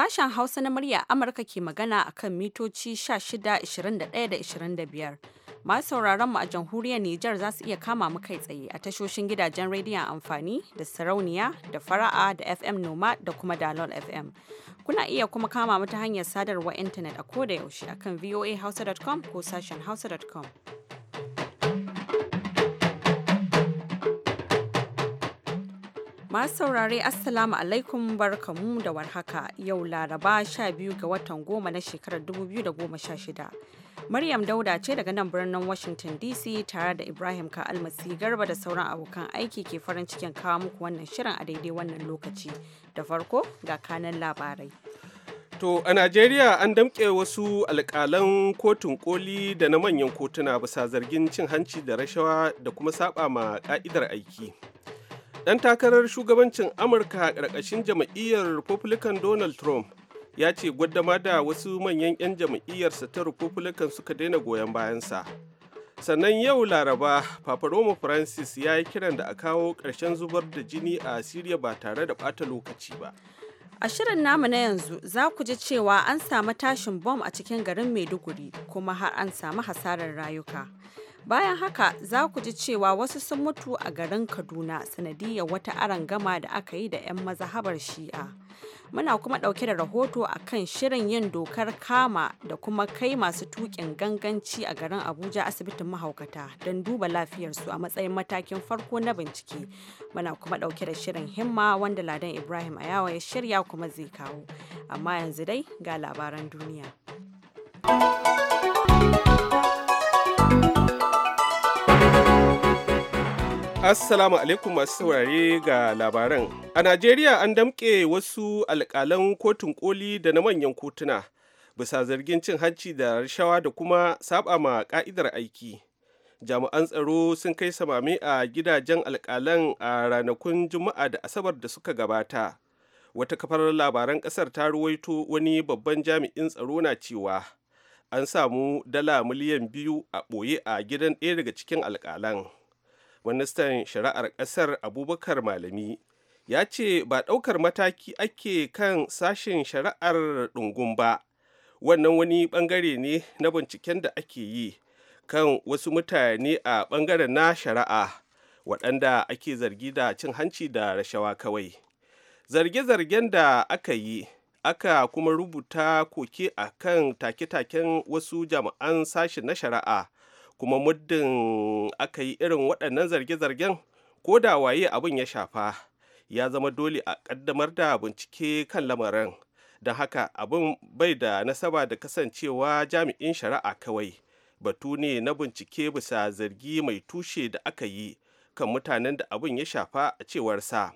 Sashen Hausa na murya Amurka ke magana a kan mitoci 16, 21 da 25. Masu sauraron mu a jamhuriyar Nijar za su iya kama mu kai tsaye a tashoshin gidajen rediyon amfani da sarauniya da fara'a da FM Noma da kuma Dalol FM. Kuna iya kuma kama mu ta hanyar sadarwa intanet a koda yaushe akan voahausa.com ko sashen hausa.com. Masu saurare Assalamu alaikum barkamu da warhaka yau Laraba 12 ga watan goma na shekarar 2016. Maryam Dauda ce daga nan birnin Washington DC tare da Ibrahim Ka'almasi Garba da sauran abokan aiki ke farin cikin kawo muku wannan shirin a daidai wannan lokaci. Da farko ga kanan labarai. To a Najeriya an damƙe wasu alƙalan kotun koli da na manyan kotuna bisa zargin cin hanci da rashawa da kuma saɓa ma ƙa'idar aiki. Ɗan takarar shugabancin Amurka a ƙarƙashin jam'iyyar Republican Donald Trump ya ce gwaddama da wasu manyan 'yan jam'iyyarsa ta Republican suka daina goyon bayansa. Sannan yau Laraba, Papa Roma Francis ya yi kiran da a kawo ƙarshen zubar da jini a Siriya ba tare da ɓata lokaci ba. A shirin namu na yanzu za ku ji cewa an samu tashin bom a cikin garin Maiduguri kuma har an samu hasarar rayuka. Bayan haka za ku ji cewa wasu sun mutu a garin Kaduna sanadiyar wata gama da aka yi da 'yan mazahabar shi'a. Muna kuma ɗauke da rahoto a kan shirin yin dokar kama da kuma kai masu tuƙin ganganci a garin Abuja asibitin mahaukata don duba lafiyarsu a matsayin matakin farko na bincike. Muna kuma ɗauke da shirin himma wanda Ladan Ibrahim Ayawa ya shirya kuma zai kawo. Amma yanzu dai ga labaran duniya. Assalamu alaikum masu saurare ga labaran. A Najeriya an damƙe wasu alƙalan kotun koli da na manyan kotuna bisa zargin cin hanci da rashawa da kuma saba ma ka'idar aiki. Jami'an tsaro sun kai samami a gidajen alƙalan a ranakun Juma'a da Asabar da suka gabata. Wata kafar labaran ƙasar ta ruwaito wani babban jami'in tsaro na cewa an samu dala miliyan biyu a ɓoye a gidan ɗaya daga cikin alƙalan. ministan shari'ar ƙasar abubakar malami ya ce ba ɗaukar mataki ake kan sashen shari'ar ɗungun ba wannan wani ɓangare ne na binciken da ake yi kan wasu mutane a ɓangaren na shari'a waɗanda ake zargi da cin hanci da rashawa kawai zarge-zargen da aka yi aka kuma rubuta koke a kan take-taken wasu jami'an sashi na shari'a kuma muddin aka yi irin waɗannan zarge-zargen ko da waye abin ya shafa ya zama dole a ƙaddamar da bincike kan lamarin don haka abin bai da nasaba da kasancewa jami'in shari'a kawai batu ne na bincike bisa zargi mai tushe da aka yi kan mutanen da abin ya shafa a cewar sa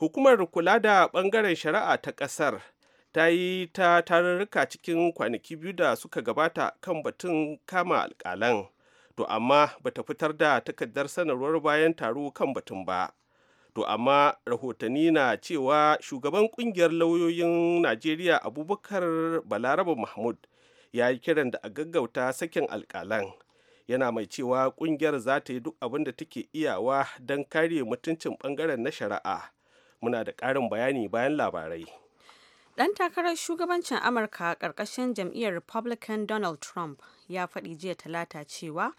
hukumar kula da bangaren shari'a ta ƙasar ta yi ta tarurruka cikin kwanaki biyu da suka gabata kan batun kama alƙalan. to amma bata fitar da takardar sanarwar bayan taro kan batun ba to amma rahotanni na cewa shugaban kungiyar lauyoyin najeriya abubakar balaraba mahmud ya yi kiran da a gaggauta sakin alkalan yana mai cewa kungiyar za ta yi duk abin da take iyawa don kare mutuncin bangaren na shari'a muna da ƙarin bayani bayan labarai ɗan takarar shugabancin amurka ƙarƙashin jam'iyyar republican donald trump ya faɗi jiya talata cewa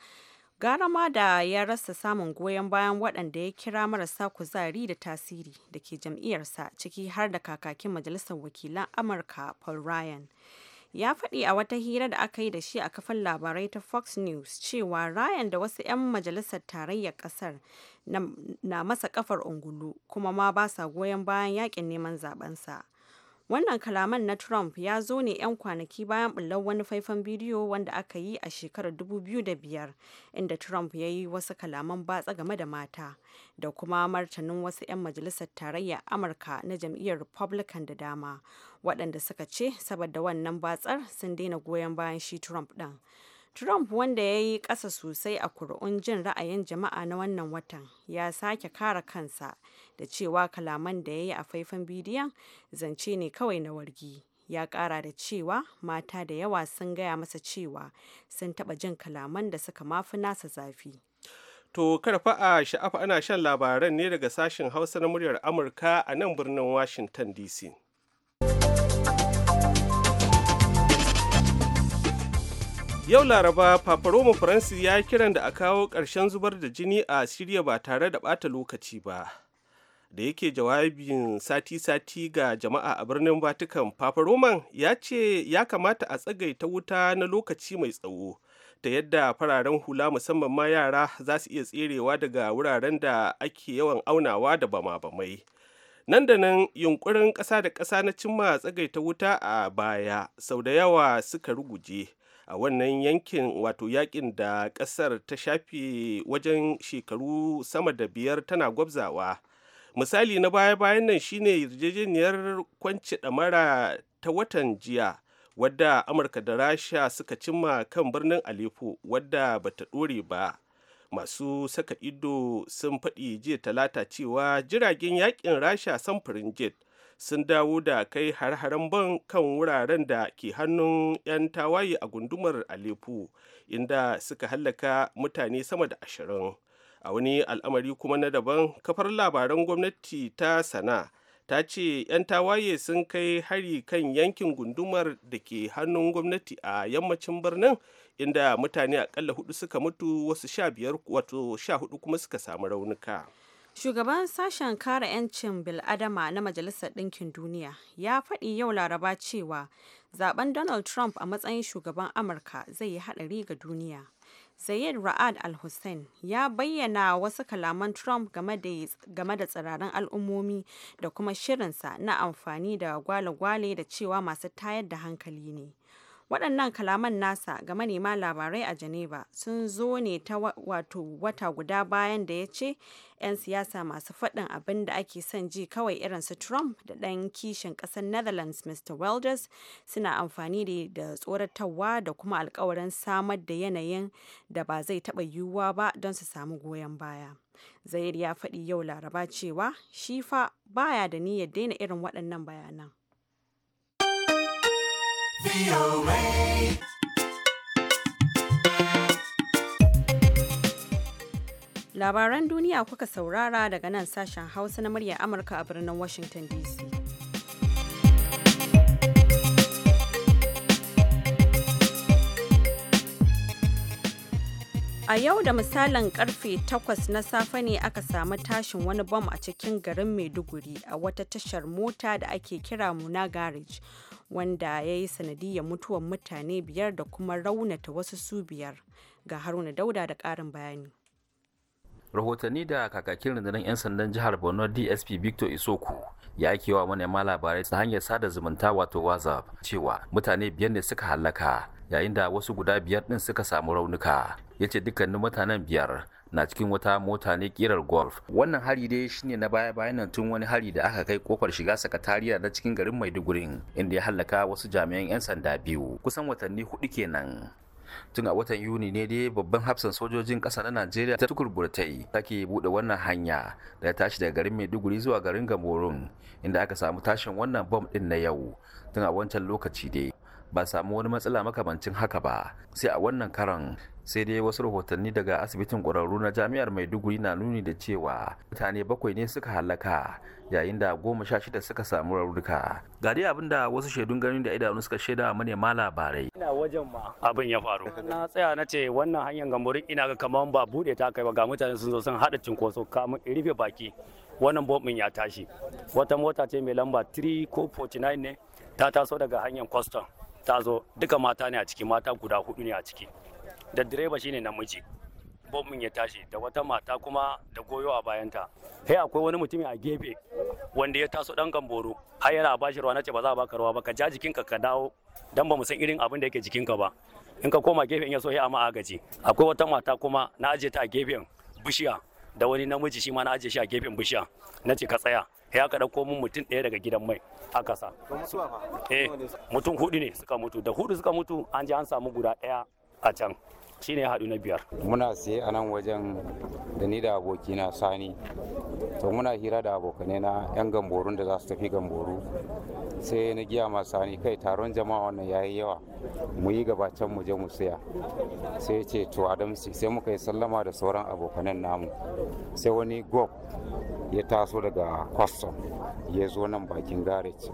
garama da ya rasa samun goyon bayan waɗanda ya kira marasa kuzari da tasiri da ke jam'iyyarsa ciki har da kakakin majalisar wakilan amurka paul ryan ya faɗi a wata hira da aka yi da shi a kafin labarai ta fox news cewa ryan da wasu 'yan majalisar tarayyar ƙasar na, na masa kafar ungulu kuma ma ba sa goyon bayan yakin neman zabensa Wannan kalaman na Trump ya zo ne 'yan kwanaki bayan bullar wani faifan bidiyo wanda aka yi a shekarar 2005 inda Trump ya yi wasu kalaman batsa game da mata da kuma martanin wasu 'yan majalisar tarayya Amurka na jam'iyyar Republican da dama waɗanda suka ce saboda wannan batsar sun daina goyon bayan shi Trump ɗin. Trump wanda ya yi ƙasa sosai a kuri'un jin ra'ayin jama'a na wannan watan ya sake kara kansa da cewa kalaman da ya yi a faifan bidiyon zance ne kawai na wargi. Ya ƙara da cewa mata da yawa sun gaya masa cewa sun taɓa jin kalaman da suka mafi nasa zafi. To karfa a sha'afa ana shan labaran ne daga sashen Hausa na muryar Amurka a nan birnin Washington DC. Yau Laraba, Papa Roma Francis ya yi kiran da a kawo ƙarshen zubar da jini a Siriya ba tare da ɓata lokaci ba. Da yake jawabin sati-sati ga jama'a a birnin Vatican, Papa Roman ya ce ya kamata a tsagaita wuta na lokaci mai tsawo, ta yadda fararen hula musamman ma yara za su iya tserewa daga wuraren da ake yawan aunawa da bama-bamai. nan da nan yunkurin ƙasa da ƙasa na cimma tsagaita wuta a baya sau da yawa suka ruguje a wannan yankin wato yakin da ƙasar ta shafe wajen shekaru sama da biyar tana gwabzawa misali na baya-bayan nan shine yarjejeniyar kwanci ɗamara ta watan jiya wadda amurka da rasha suka cimma kan birnin aleppo wadda bata ɗore ba masu saka ido sun faɗi jiya talata cewa jiragen yakin rasha samfurin jet sun dawo da kai har-haren ban kan wuraren da ke hannun 'yan tawaye a gundumar Aleppo inda suka hallaka mutane sama da ashirin. A wani al'amari kuma na daban kafar labaran gwamnati ta sana ta ce 'yan tawaye sun kai hari kan yankin gundumar da ke hannun gwamnati a yammacin birnin inda mutane akalla hudu suka mutu wasu sha biyar wato sha hudu kuma suka samu raunuka. Shugaban sashen kare 'yancin bil'adama na Majalisar Ɗinkin Duniya ya faɗi yau Laraba cewa zaben Donald Trump a matsayin shugaban Amurka zai yi haɗari ga duniya. Zayed Ra'ad Al-Hussein ya bayyana wasu kalaman Trump game da tsirarin al'ummomi da kuma shirinsa na amfani da gwale-gwale da cewa masu tayar da hankali ne. waɗannan kalaman nasa ga manema labarai a geneva sun zo ne ta wato wata guda bayan da ya ce 'yan siyasa masu faɗin abin da ake son ji kawai irin su trump da ɗan kishin ƙasar netherlands mr welders suna amfani da tsoratarwa da kuma alkawarin samar da yanayin da ba zai taɓa yiwuwa ba don su samu goyon baya zair ya faɗi yau laraba cewa shi fa baya da niyyar daina irin waɗannan bayanan Labaran duniya kuka saurara daga nan sashen Hausa na murya Amurka a birnin Washington DC. A yau da misalin karfe takwas na safe ne aka samu tashin wani bom a cikin garin Maiduguri a wata tashar mota da ake kira Muna Garage. wanda ya yi sanadiyar mutuwar mutane biyar da kuma raunata wasu su biyar ga haruna dauda da ƙarin bayani rahotanni da kakakin rundunar 'yan sandan jihar borno dsp victor isoku ya kewa manema labarai ta hanyar sada zumunta wato whatsapp cewa mutane biyar ne suka hallaka yayin da wasu guda biyar din suka samu raunuka ya ce dukkanin mutanen biyar na cikin wata mota ne kirar golf wannan hari dai shine na baya bayan nan tun wani hari da aka kai kofar shiga sakatariya na cikin garin maiduguri inda ya hallaka wasu jami'an 'yan sanda biyu kusan watanni hudu kenan tun a watan yuni ne dai babban hafsan sojojin kasa na najeriya ta tukurburtai burtai take buɗe wannan hanya da tashi daga garin maiduguri zuwa garin gamorun inda aka samu tashin wannan bom din na yau tun a wancan lokaci dai ba samu wani matsala makamancin haka ba sai a wannan karan sai dai wasu rahotanni daga asibitin ƙwararru na jami'ar maiduguri na nuni da cewa mutane bakwai ne suka halaka yayin da goma sha shida suka samu raunuka ga dai abin da wasu shaidun ganin da idanu suka shaida manema labarai ina wajen ma abin ya faru na tsaya na ce wannan hanyar gamburin ina ga kamar ba bude ta kai ba ga mutane sun zo sun haɗa cinkoso kamun in rufe baki wannan bombin ya tashi wata mota ce mai lamba 3 ko 49 ne ta taso daga hanyar kwastam ta zo duka mata ne a ciki mata guda hudu ne a ciki da direba shine namiji bombin ya tashi da wata mata kuma da goyo a bayanta sai akwai wani mutumi a gefe wanda ya taso dan gamboro har yana ba shi ruwa nace ba za a baka ruwa ba ka ja jikinka ka dawo dan ba mu san irin abin da yake jikinka ba in ka koma gefen ya so ya ama agaji akwai wata mata kuma na aje ta a gefen bishiya da wani namiji shi ma na aje shi a gefen bishiya nace ka tsaya ya aka dauko mun mutum ɗaya daga gidan mai aka sa eh, mutum hudu ne suka mutu da hudu suka mutu an je an samu guda ɗaya a can shine ya haɗu na biyar muna siye a nan wajen da ni da abokina sani to muna hira da abokane na yan gamborun da za su tafi gamboru sai na giya ma sani kai taron jama'a wannan yayi yawa mu yi gabacen mu je mu siya sai ce to adamsi sai muka yi sallama da sauran abokanen namu sai wani gob ya taso daga kwastam ya zo nan bakin garage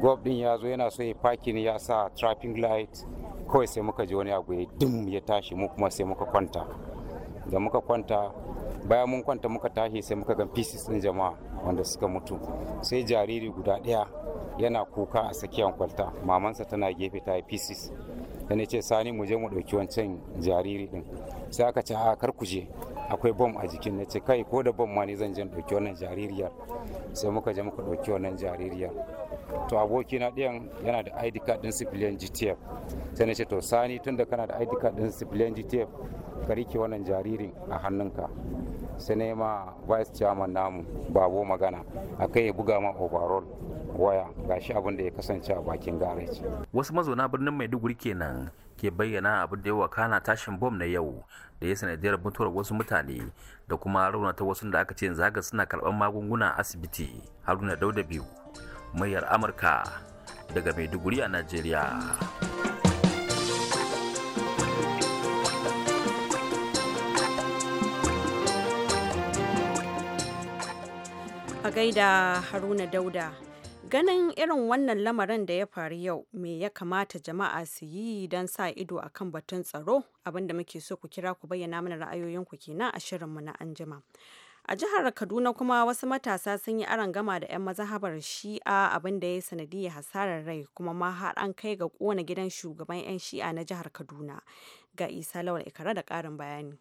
gob din ya zo yana so ya fakin ya sa traffic light kawai sai muka ji wani abu ya dum ya tashi mu kuma sai muka kwanta da muka kwanta bayan mun kwanta muka tashi sai muka gan pieces din jama'a wanda suka mutu sai jariri guda ɗaya yana kuka a tsakiyar kwalta mamansa tana gefe ta yi pieces da ce sani mu je mu ɗauki wancan jariri ɗin sai aka ce a kar kuje akwai bom a jikin na ce kai ko da bom ma ne zan je ɗauki wannan jaririyar sai muka je muka ɗauki wannan jaririyar to aboki na ɗayan yana da id card ɗin civilian gtf sai na ce to sani tunda kana da id card ɗin civilian gtf ka rike wannan jaririn a hannunka sai na ma vice chairman namu babo magana a akai ya buga ma overall waya gashi abin da ya kasance a bakin garage wasu mazauna birnin maiduguri kenan ke bayyana abin da ya wakana tashin bom na yau da ya sanadiyar mutuwar wasu mutane da kuma raunata wasu da aka ce zaga suna karɓar magunguna asibiti haruna dauda biyu muryar amurka daga maiduguri a najeriya a gaida haruna dauda ganin irin wannan lamarin da ya faru yau me ya kamata jama'a su yi don sa ido a kan batun tsaro abinda muke so ku kira ku bayyana mana ra'ayoyinku kenan a shirinmu na anjima A jihar Kaduna kuma wasu matasa sun yi gama da 'yan mazhabar Shi'a abinda da ya sanadiyar hasarar rai kuma ma har an kai ga kona gidan shugaban 'yan Shi'a na jihar Kaduna. Ga Isa Lawal Ikara da karin bayani.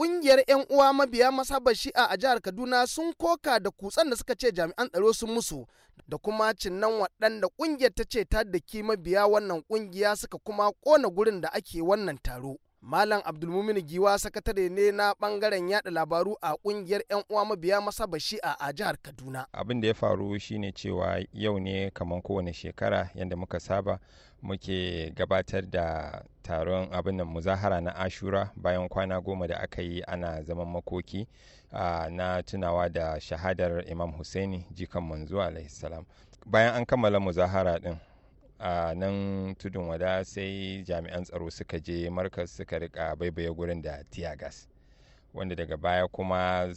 Ƙungiyar 'yan uwa mabiya masabar shi'a a jihar Kaduna sun koka da kutsan da suka ce jami'an tsaro sun musu da kuma cinnan waɗanda ƙungiyar ta ce ta daki mabiya wannan ƙungiya suka kuma ƙona gurin da ake wannan taro. Malam Abdulmumin Giwa sakatare ne na bangaren yada labaru a kungiyar 'yan uwa mabiya masa bashi'a a jihar Kaduna. Abin da ya faru shine cewa yau ne kamar kowane shekara yadda muka saba muke gabatar da taron abin da muzahara na ashura bayan kwana goma da aka yi ana zaman makoki na tunawa da shahadar imam Hussaini jikan manzo alaihissalam bayan an kammala muzahara din a nan tudun wada sai jami'an tsaro suka je markas suka rika baibaye gurin da tiyagas wanda daga baya kuma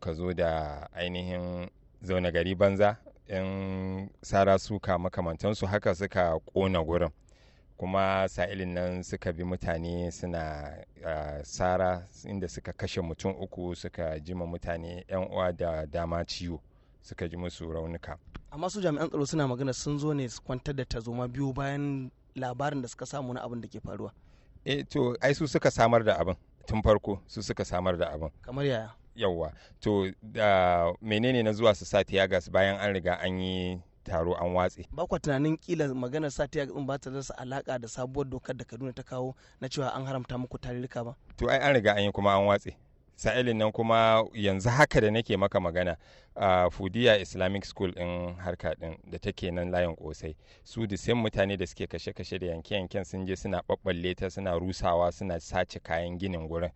ka zo da ainihin zaune gari banza yan sara suka makamantansu haka suka kona gurin kuma sa'ilin nan suka bi mutane suna sara inda suka kashe mutum uku suka jima mutane 'yan uwa da dama ciwo suka ji musu raunuka amma su jami'an tsaro suna magana sun zo ne su kwantar da tazoma biyu bayan labarin da suka samu na abin da ke faruwa eh to ai su suka samar da abin tun farko su suka samar da abin kamar yaya yawwa to da menene na zuwa su sati gas bayan an riga an yi taro an watse ba kwa tunanin kila magana sati gas ba ta rasa alaka da sabuwar dokar da Kaduna ta kawo na cewa an haramta muku tarirka ba to ai an riga an yi kuma an watse sa'ilin nan kuma yanzu haka da nake maka magana a fudiya islamic school din harka din da take nan layin kosai su da sai mutane da suke kashe-kashe da yanke-yanken sun je suna ɓaɓɓalle ta suna rusawa suna sace kayan ginin gurin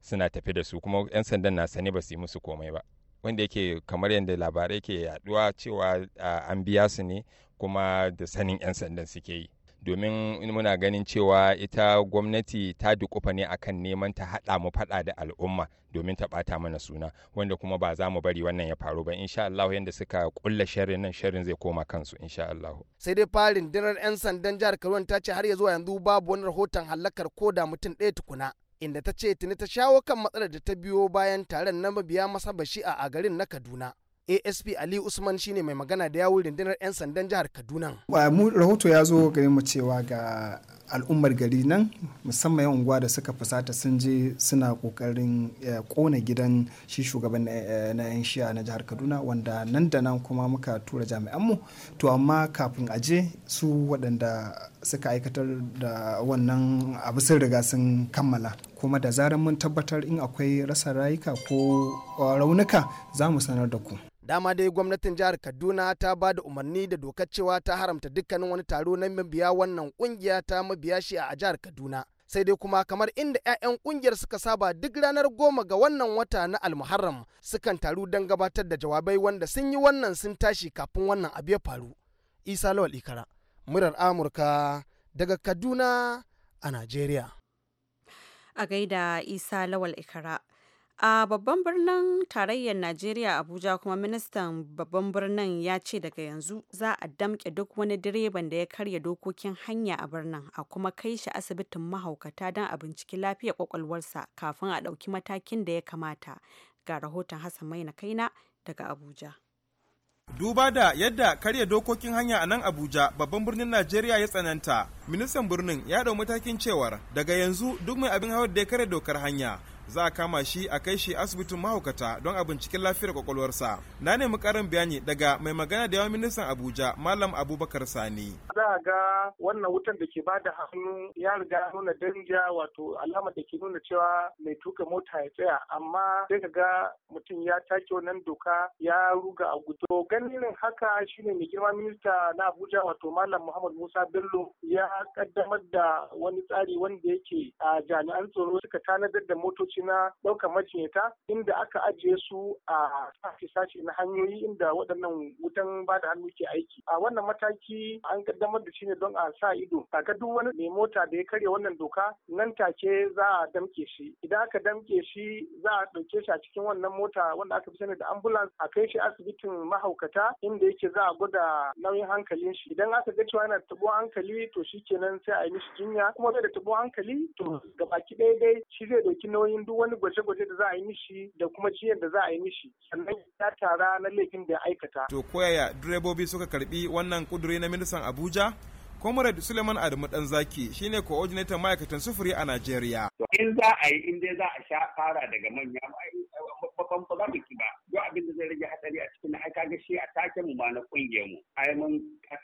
suna tafi da su kuma 'yan sandan na sani ba su yi musu komai ba wanda yake kamar yadda labarai ke yaduwa cewa an biya su ne kuma da sanin 'yan sandan suke yi domin muna ganin cewa ita gwamnati ta dukufa ne akan neman ta haɗa mu faɗa da al'umma domin ta ɓata mana suna wanda kuma ba za mu bari wannan ya faru ba insha Allah yanda suka kulla sharrin nan sharrin zai koma kansu insha Allah sai dai farin dinar yan sandan jihar Kaduna ta ce har ya zuwa yanzu babu wani rahoton halakar ko da mutum ɗaya tukuna inda ta ce tuni ta shawo kan matsalar da ta biyo bayan taron na mabiya masa bashi a garin na Kaduna asp ali usman shine mai magana da yawun rundunar 'yan sandan jihar kaduna mu rahoto ya zo gare mu cewa ga al'ummar gari nan musamman yan unguwa da suka fusata sun je suna kokarin kona eh, gidan shi shugaban eh, eh, na yan shiya na jihar kaduna wanda nan da nan kuma muka tura jami'an mu to amma kafin aje su waɗanda suka aikatar da wannan abu sun riga sun kammala kuma da zarar mun tabbatar in akwai rasa rayuka ko raunuka za mu sanar da ku dama dai gwamnatin jihar kaduna ta ba da umarni da dokar cewa ta haramta dukkanin wani taro na mabiya wannan kungiya ta mabiya shi a jihar kaduna sai dai kuma kamar inda 'ya'yan kungiyar suka saba duk ranar goma ga wannan wata na almuharram sukan taru don gabatar da jawabai wanda sun yi wannan sun tashi kafin wannan abu ya faru isa lawal ikara murar amurka daga kaduna a najeriya a gaida isa lawal ikara A babban birnin tarayyar Najeriya Abuja kuma ministan babban birnin ya ce daga yanzu za a damke duk wani direban da ya karya dokokin hanya a birnin a kuma kai shi asibitin mahaukata don a binciki lafiyar kwakwalwarsa kafin a ɗauki matakin da ya kamata. Ga rahoton Hassan mai na Kaina daga Abuja. Duba da yadda karya dokokin hanya a nan Abuja babban birnin Najeriya ya tsananta, ministan birnin ya dau matakin cewar daga yanzu duk mai abin hawar da ya karya dokar hanya za a kama shi a kai shi asibitin mahaukata don a binciken lafiyar kwakwalwarsa na nemi karin bayani daga mai magana da yawan ministan abuja malam abubakar sani za a ga wannan wutan da ke ba da hannu ya riga nuna danja wato alama da ke nuna cewa mai tuka mota ya tsaya amma sai ka ga mutum ya take wannan doka ya ruga a guto ganin haka shine mai girma minista na abuja wato malam muhammad musa bello ya kaddamar da wani tsari wanda yake a jami'an tsoro suka tanadar da motoci lokaci na ɗaukar majinyata inda aka ajiye su a sashi-sashi na hanyoyi inda waɗannan wutan ba da hannu ke aiki. A wannan mataki an kaddamar da shi ne don a sa ido. Kaga duk wani mai mota da ya karya wannan doka nan take za a damke shi. Idan aka damke shi za a ɗauke shi a cikin wannan mota wanda aka fi sani da ambulance a kai shi asibitin mahaukata inda yake za a gwada nauyin hankalin shi. Idan aka ga cewa yana da hankali to shi kenan sai a yi mishi jinya kuma bai da tabo hankali to gabaki ɗaya daidai shi zai ɗauki nauyin cikin duk wani gwaje-gwaje da za a yi mishi da kuma ciyar da za a yi mishi sannan ya tara na laifin da ya aikata. To koyaya direbobi suka karbi wannan kuduri na ministan Abuja? Comrade Suleiman Adamu zaki shine coordinator ma'aikatan sufuri a Najeriya. In za a yi in dai za a sha fara daga manya ba ba ba ba ba. duk abin da zai rage hatsari a cikin ai kaga shi a take mu ma na kungiyar mu ai mun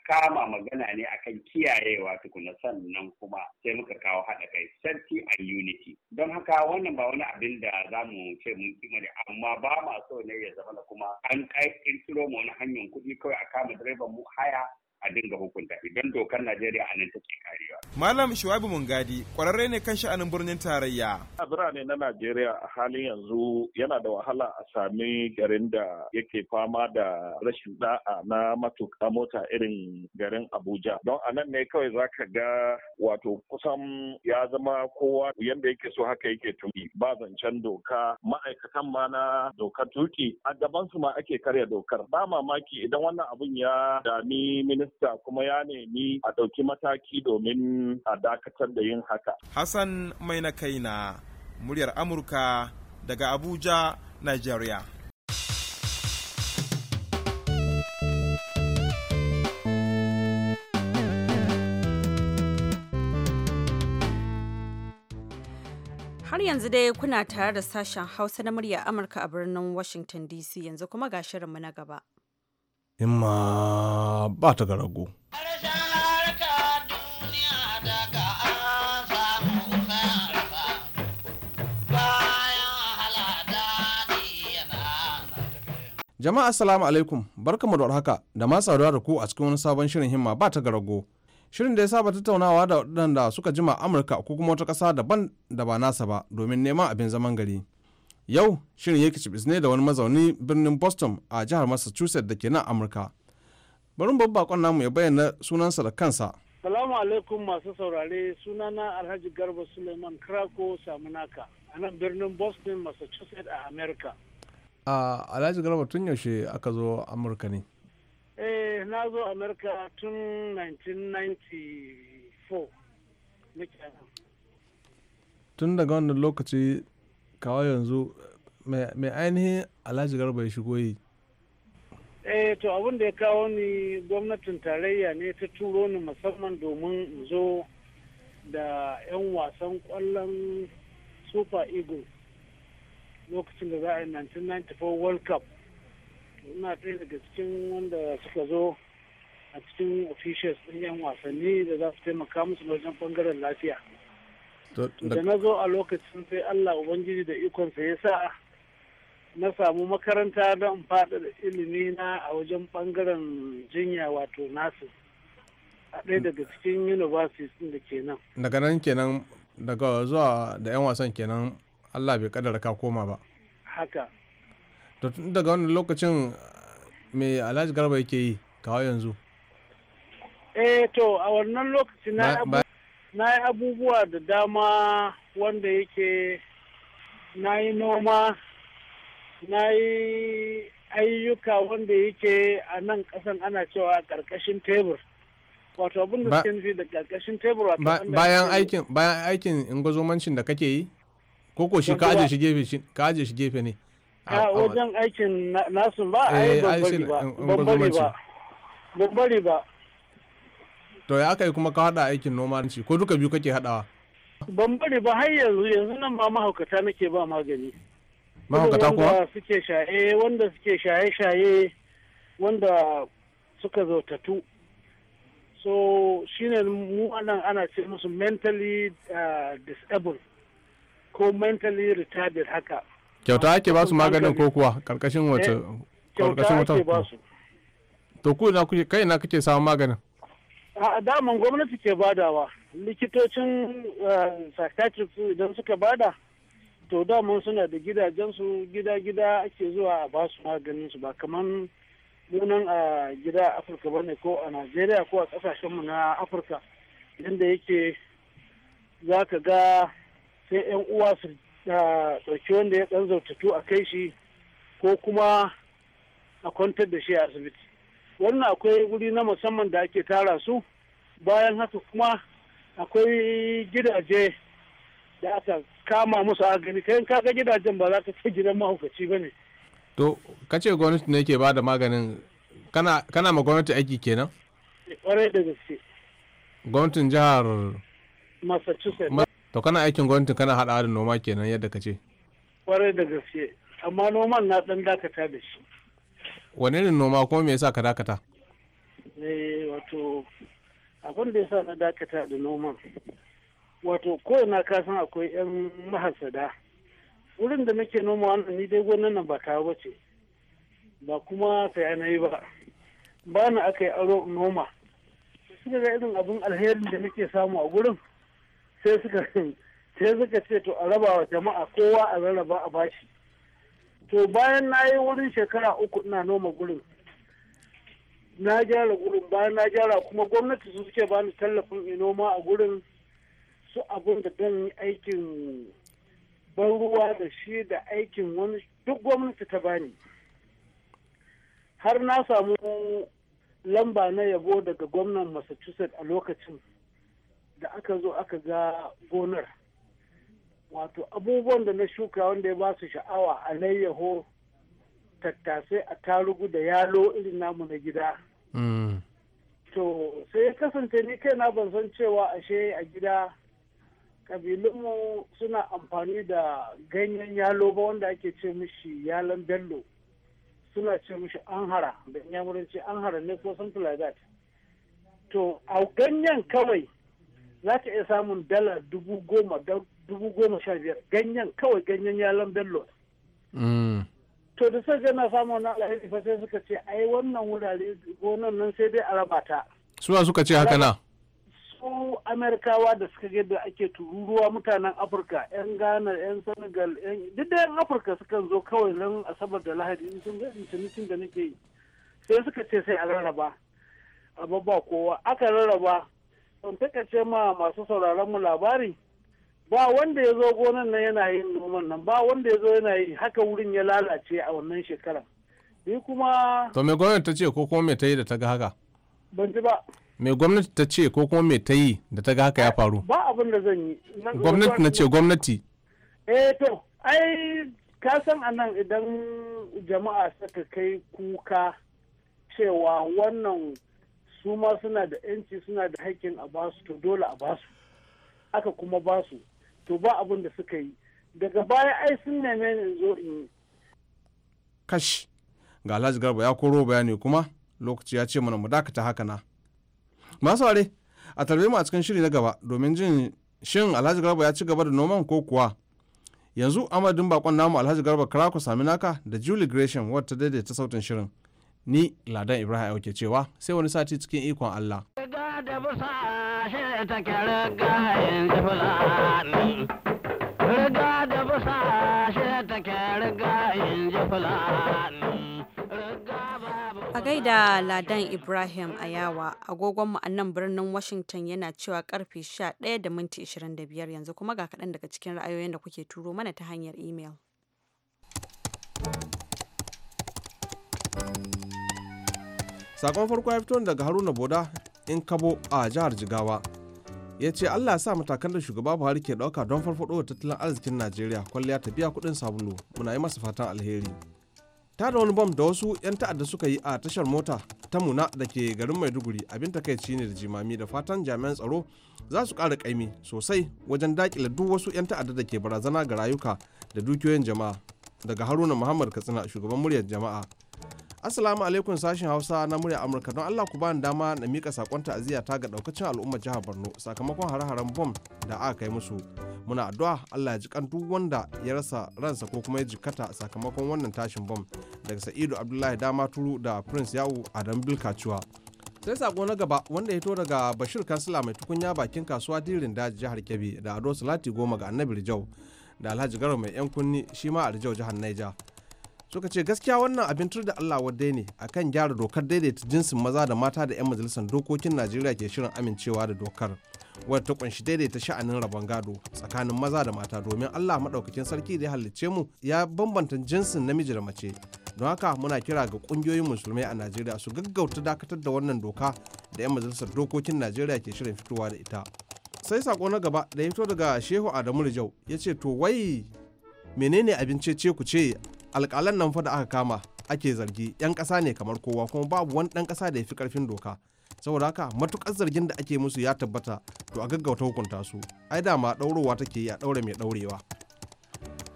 kama magana ne akan kiyayewa tukuna sannan kuma sai muka kawo haɗa kai safety and unity don haka wannan ba wani abin da za mu ce mun kima ne amma ba ma so ne ya zama kuma an kai kirkiro mu wani hanyar kuɗi kawai a kama direban mu haya a dinga hukunta idan dokar Najeriya a nan take karewa. Malam Shuaibu Mungadi kwararre ne kan sha'anin birnin tarayya. A birane na Najeriya a halin yanzu yana da wahala a sami garin da yake fama da rashin da'a na matuƙa mota irin garin Abuja. Don a nan ne kawai za ka ga wato kusan ya zama kowa yadda yake so haka yake tuki ba zancen doka ma'aikatan ma na dokar tuki a gabansu ma ake karya dokar. Ba mamaki idan wannan abun ya dami minista kuma ya nemi a ɗauki mataki domin a dakatar da yin haka. Hassan mai na kai na muryar Amurka daga Abuja, Nigeria. Har yanzu dai kuna tare da sashen Hausa na murya Amurka a birnin Washington DC yanzu kuma ga shirinmu na gaba. himma ba ta ga rago. Jama'a assalamu alaikum barkamu da warhaka da ma saduwa da ku a cikin wani sabon shirin himma ba ta garago. Shirin da ya saba tattaunawa da waɗanda suka jima Amurka ko kuma wata ƙasa daban da ba nasa ba domin neman abin zaman gari. yau shirin yake ne da wani mazauni birnin boston a jihar massachusetts da ke nan amurka barin babba bakon namu ya bayyana sunansa da kansa salamu alaikum masu saurare sunana alhaji garba suleiman krako samunaka a nan birnin boston massachusetts a america a alhaji garba tun yaushe aka zo amurka ne eh na zo amurka tun 1994 tun daga wannan lokaci kawo yanzu mai ainihin alhaji garba ya shigo yi eh to abin da ya kawo ni gwamnatin tarayya ne ta turo ni musamman domin zo da 'yan wasan kwallon super eagles lokacin da za a yi 1994 world cup ina ɗaya daga cikin wanda suka zo a cikin officials ɗin 'yan wasanni da za su taimaka musu wajen bangaren lafiya da na zo a lokacin sai allah ubangiji da ikonsa ya sa na samu makaranta don faɗa da ilimi na a wajen ɓangaren jinya wato nasu a ɗaya daga cikin universities da ke nan daga nan kenan daga zuwa da 'yan wasan kenan allah bai kadar ka koma ba haka to tun daga wani lokacin mai alhaji garba yake yi kawo yanzu eh to a wannan lokacin na na yi abubuwa da dama wanda yake na yi noma na yi ayyuka wanda yake a nan kasan ana cewa karkashin tebur wato abin da suke nufi da karkashin tebur wato bayan aikin bayan aikin ingozomancin da kake yi ko ko shi ka aje shi gefe shi gefe ne a wajen aikin nasu ba a yi bambari ba bambari ba to ya aka yi kuma ka hada aikin noma ci ko duka biyu kake hadawa. ban bari ba har yanzu yanzu nan ba mahaukata nake ba magani mahaukata kuwa wanda suke shaye wanda suke shaye shaye wanda suka zautatu so shine mu anan ana ce musu mentally uh, disabled ko mentally retarded haka kyauta ake ba su maganin ko kuwa karkashin wata eh, karkashin wata to ku na kai na kake samun maganin a daman gwamnati ke badawa likitocin eh, psychiatrist idan suka bada to daman suna da gidajensu gida-gida ake zuwa a basu maganin su ba kamar nunan a gida afirka bane ko a najeriya ko a kasashenmu na afirka yadda yake za ka ga sai 'yan uwa su eh, ɗauki wanda ya ɗan zautatu a kai shi ko kuma a kwantar da shi a asibiti wannan akwai wuri na musamman da ake tara su bayan haka kuma akwai gidaje da aka kama musu agani kayan kaga gidajen ba za ka ce gidan mahaukaci ba ne to kace gwamnati ne ke ba da maganin kana ma gwamnati aiki kenan kwarai eh, da gaske gwamnatin jihar massachusetts to kana aikin gwamnati kana hada da noma kenan yadda ka ce kwarai da gaske amma noman na dan dakata da shi wani irin noma kuma me yasa ka dakata eh wato abin da yasa na dakata da noma wato ko ina ka san akwai yan mahasada wurin da nake noma wannan ni dai gonan nan ba ta bace ba kuma saya na yi ba ba na aka yi aro noma suka ga irin abin alherin da nake samu a gurin sai suka ce to a raba wa jama'a kowa a rarraba a bashi to bayan na yi wurin shekara uku ina noma gurin na gyara gurin bayan na gyara kuma gwamnati su suke bani tallafin noma a gurin su abin da yi aikin ban ruwa da shi da aikin wani duk gwamnati ta bani har na samu lamba na yabo daga gwamnan massachusetts a lokacin da aka zo aka ga gonar wato abubuwan da na shuka wanda ya ba su sha'awa a layyaho tattasai a tarugu da yalo irin namu na gida mm. to sai ya kasance ni kaina ban san cewa ashe a gida kabilunmu suna amfani da ganyen yalo ba wanda ake ce mishi yalon bello suna ce mishi anhara da an anhara ne ko something to a ganyen kawai za ka iya samun dala dubu goma don. dubu goma sha biyar ganyen kawai ganyen yalon bello mm. to da sai gana samu wani alheri fa sai suka ce ai wannan wurare gonan nan sai dai a raba ta suwa suka ce haka na su amerikawa da suka yadda ake tururuwa mutanen afirka yan ghana yan senegal duk da yan afirka sukan zo kawai nan asabar da lahadi in sun ga da nake yi sai suka ce sai a rarraba a babba kowa aka rarraba don ce ma masu sauraron mu labari ba wanda ya zo gonan nan yana yin noman nan ba wanda ya zo yana yi haka wurin ya lalace a wannan shekaran ni kuma to me gwamnati ta ce ko kuma me ta yi da ta ga haka ban ji ba me gwamnati ta ce ko kuma me ta yi da ta ga haka ya faru ba abin da zan yi gwamnati na ce gwamnati eh to ai ka san anan idan jama'a suka kai kuka cewa wannan su ma suna da yanci suna da haƙƙin a basu to dole a basu aka kuma basu to ba abin da suka yi daga baya ai sun neme ne zo in yi kashi ga alhaji garba ya koro bayani kuma lokaci ya ce mana mu dakata haka na masu ware a tarbe mu a cikin shiri na gaba domin jin shin alhaji garba ya ci gaba da noman ko kuwa yanzu amadin bakon namu alhaji garba ku sami naka da julie gresham wadda ta sautin shirin ni ladan ibrahim ke cewa sai wani sati cikin ikon allah ashe da a ladan ibrahim ayawa agogonmu a nan birnin washington yana cewa karfe 11 da minti 25 yanzu kuma ga kaɗan daga cikin ra'ayoyin da kuke turo mana ta hanyar email. sakon farko ya fito daga haruna boda in kabo a jihar jigawa ya ce allah ya sa matakan da shugaba buhari ke dauka don farfaɗo da tattalin arzikin najeriya kwalliya ta biya kudin sabulu muna yi masa fatan alheri ta da wani bom da wasu 'yan ta'adda suka yi a tashar mota ta muna da ke garin maiduguri abin takaici ne da jimami da fatan jami'an tsaro za su ƙara kaimi sosai wajen daƙile duk wasu 'yan ta'adda da ke barazana ga rayuka da dukiyoyin jama'a daga haruna muhammad katsina shugaban muryar jama'a Assalamu alaikum sashen Hausa na murya Amurka don Allah ku ba ni dama na mika sakon ta'aziyya ta ga daukacin al'ummar jihar Borno sakamakon hare-haren bom da aka kai musu. Muna addu'a Allah ya ji kan duk wanda ya rasa ransa ko kuma ya jikata sakamakon wannan tashin bom daga Sa'idu Abdullahi Dama Turu da Prince Yawu Adam Bilkacuwa. sai sako na gaba wanda ya to daga bashir kansila mai tukunya bakin kasuwa dirin daji jihar kebbi da ado salati goma ga annabi rijau da alhaji garo mai yan kunni shi ma a rijau jihar naija suka ce gaskiya wannan abin tur da Allah wadda ne akan gyara dokar daidaita jinsin maza da mata da 'yan majalisar dokokin Najeriya ke shirin amincewa da dokar wadda ta kunshi daidaita sha'anin rabon gado tsakanin maza da mata domin Allah madaukakin sarki da ya halicce mu ya bambanta jinsin namiji da mace don haka muna kira ga ƙungiyoyin musulmai a Najeriya su gaggauta dakatar da wannan doka da 'yan majalisar dokokin Najeriya ke shirin fitowa da ita sai sako na gaba da ya fito daga Shehu Adamu Rijau ya ce to wai menene abin ce ku ce alƙalan nan fa da aka kama ake zargi 'yan ƙasa ne kamar kowa kuma babu wani ɗan ƙasa da ya fi ƙarfin doka saboda haka matukar zargin da ake musu ya tabbata to a gaggauta hukunta su ai da ma ɗaurowa take yi a ɗaure mai ɗaurewa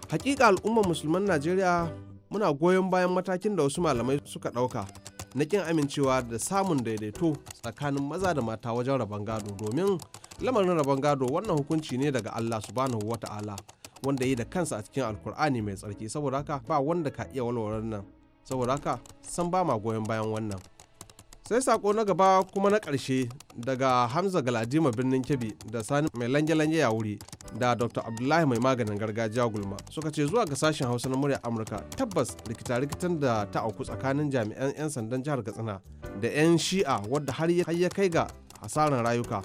hakika al'ummar musulman najeriya muna goyon bayan matakin da wasu malamai suka ɗauka na kin amincewa da samun daidaito tsakanin maza da mata wajen rabon gado domin lamarin rabon gado wannan hukunci ne daga allah subhanahu wa ta'ala wanda ya da kansa a cikin alkur'ani mai tsarki saboda haka ba wanda ka iya walwalar nan saboda haka san ba ma goyon bayan wannan sai sako na gaba kuma na karshe daga hamza galadima birnin kebbi da sani mai lange-lange ya wuri da dr abdullahi mai maganin gargajiya gulma suka ce zuwa ga sashen hausa na murya amurka tabbas rikita-rikitan da ta auku tsakanin jami'an 'yan sandan jihar katsina da 'yan shi'a wadda har ya kai ga hasaran rayuka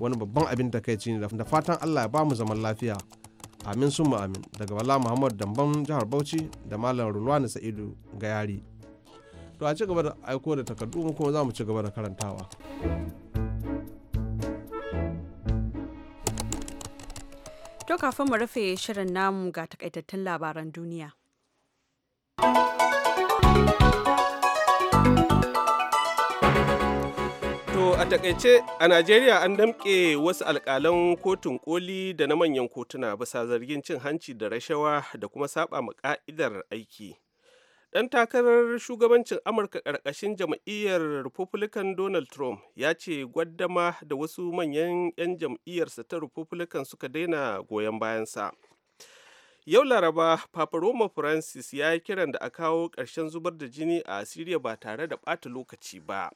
wani babban abin takaici ne da fatan allah ya bamu zaman lafiya amin sun amin daga wala muhammad damban jihar bauchi da malam rulwani sa'idu gayari to a ci gaba da aiko da takardu mu kuma za mu ci gaba da karantawa to kafin mu rufe shirin namu ga takaitattun labaran duniya a takaice a Najeriya an damke wasu alƙalan kotun koli da na manyan kotuna bisa zargin cin hanci da rashawa da kuma saba ma ka'idar aiki. Ɗan takarar shugabancin Amurka ƙarƙashin jam'iyyar Republican Donald Trump ya ce gwaddama da wasu manyan 'yan jam'iyyarsa ta Republican suka daina goyon bayansa. Yau Laraba, Papa Roma Francis ya yi kiran da a kawo ƙarshen zubar da jini a Siriya ba tare da ɓata lokaci ba.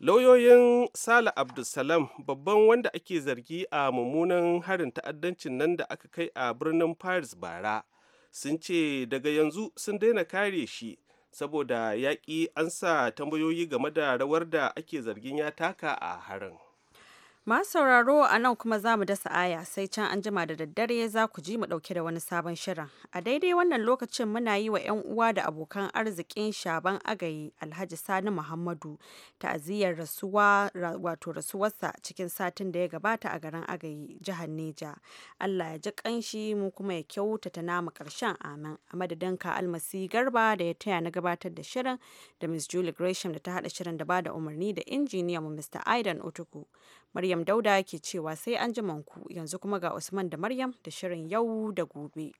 lauyoyin sale abdulsalam babban wanda ake zargi a mummunan harin ta'addancin nan da aka kai a birnin paris bara sun ce daga yanzu sun daina kare shi saboda yaƙi an sa tambayoyi game da rawar da ake zargin ya taka a harin Masu sauraro a nan kuma za mu dasa aya sai can an jima da daddare za ku ji mu ɗauke da wani sabon shirin. A daidai wannan lokacin muna yi wa 'yan uwa da abokan arzikin Shaban Agayi Alhaji Sani Muhammadu ta'aziyyar rasuwa wato rasuwarsa cikin satin da ya gabata a garin Agayi jihar Neja. Allah ya ji kanshi mu kuma ya kyautata namu karshen amin. A madadin ka almasi garba da ya taya na gabatar da shirin da Miss Julie Gresham da ta haɗa shirin da ba da umarni da injiniya mu Mr. Aidan Otuku. Maryam Maryam Dauda ke cewa sai an ji ku yanzu kuma ga Usman da Maryam da shirin yau da gobe.